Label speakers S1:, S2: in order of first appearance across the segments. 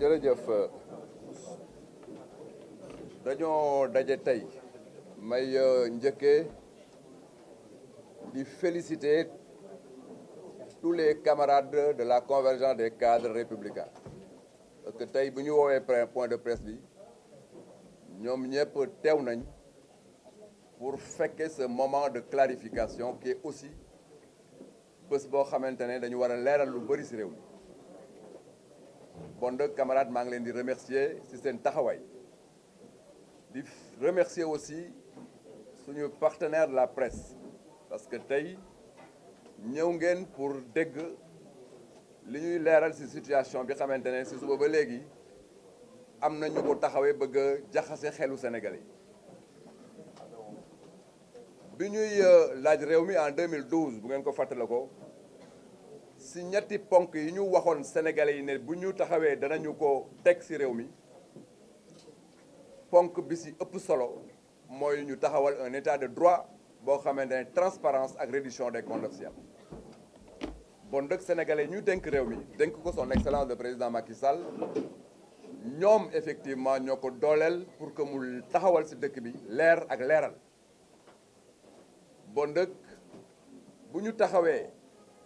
S1: jërëjëf dañoo daje tey may euh, njëkkee di féliciter tous les camarades de la convergence des cadres républicains parce que tey bu ñu point de presse bi ñoom ñëpp teew nañ pour faire ce moment de clarification qui est aussi possible boo xamante ne dañu war a leeral lu bon de camarades maa di remercier ci seen taxawaay di remercier aussi son partenaire de la presse parce que Tay, ñëw ngeen pour dégg li ñuy leeral ci situation bi xamante ne ci suba ba léegi am na ñu ko taxawee bëgg a jaxase xelu Sénégalais bi ñuy euh, laaj réew mi en 2012 bu ngeen ko fàttale si ñetti ponk yi ñu waxon sénégalais yi ne bu ñu taxawé danañu ko teg ci réew mi ponk bi ci ëpp solo moy ñu taxawal un état de droit bo xamé né transparence ak reddition des comptes officiels bon sénégalais ñu dénk réew mi dénk ko son excellence le président Macky Sall ñom effectivement ñoko dolel pour que mu taxawal ci dëkk bi leer ak léral bon dëkk bu ñu taxawé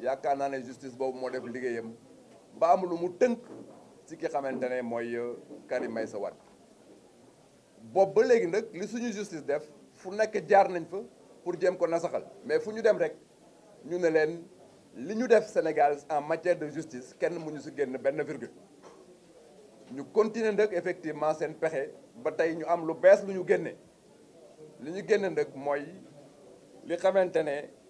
S1: yaakaar naa justice bobu moo def liggéeyam ba am lu mu teunk ci ki xamantene moy mooy euh, Karim Meïssa wat boobu ba legui nak li suñu justice def fu nek jaar nañ fa pour djem ko nasaxal mais fuñu dem rek ñu ne len liñu def Sénégal en matière de justice kenn muñu su si génn benn virgule ñu continuer nag effectivement sen pexé ba tay ñu am lu bees luñu ñu liñu li ñu moy li xamantene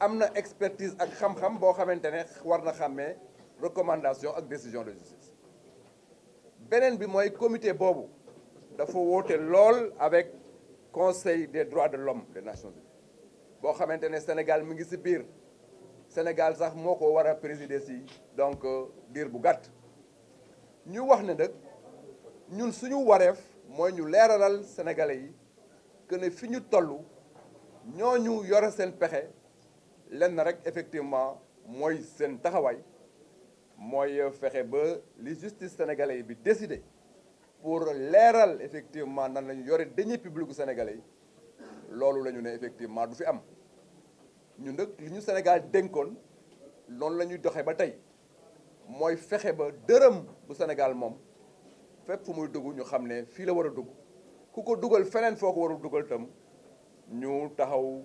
S1: amna expertise ak xam-xam bo xamantene war na xàmmee recommandation ak décision de justice benen bi moy comité bobu dafa woote lol avec conseil des droits de l'homme des nations unies bo xamantene Sénégal mi ngi ci bir Sénégal sax moko wara présider ci donc bir euh, bu gatt ñu wax né nak ñun suñu wareef moy ñu léralal sénégalais yi que ne fiñu tollu ñoñu ñooñu yore lenn rek effectivement mooy seen taxawaay mooy fexe ba les justices sénégalais bi décidé pour leeral effectivement nan lañu yore deniers publics sénégalais yi loolu la effectivement du fi am ñu nag li ñu Sénégal dénkoon loolu la bataille doxe ba tey mooy fexe ba dërëm bu Sénégal moom fait fu muy dugg ñu ramener filer au la war a dugg ku ko dugal feneen foo ko warul dugal itam ñu taxaw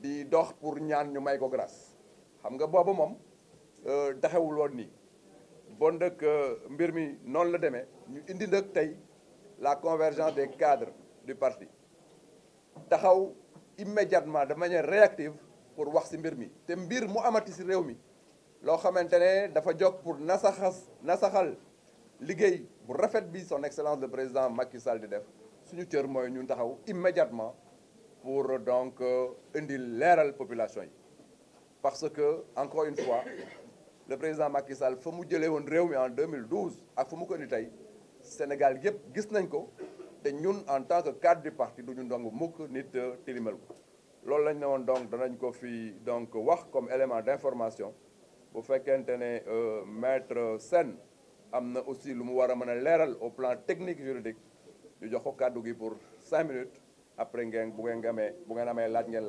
S1: di dox pour ñaan ñu may ko grâce xam la la convergence des cadres du parti taxaw immédiatement de manière réactive pour wax ci mbir mi te mbir mu amati pour nasaxal liggéey bu bi son excellence le président Macky Sall di def suñu immédiatement pour donc euh, indi la population parce que encore une fois le président Macky Sall a mu jëlee en 2012 à fa ko Sénégal yëpp gis nañ ko en tant que cadre du parti nous devons nous faire nit euh, tilimal ko nous lañ donc donné ko donc comme élément d'information pour faire qu'un maître Sen ait aussi le mouvement a au plan technique juridique Nous vous ko pour 5 minutes après ngeen bu ngeen amee bu laaj ngeen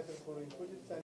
S1: laaj.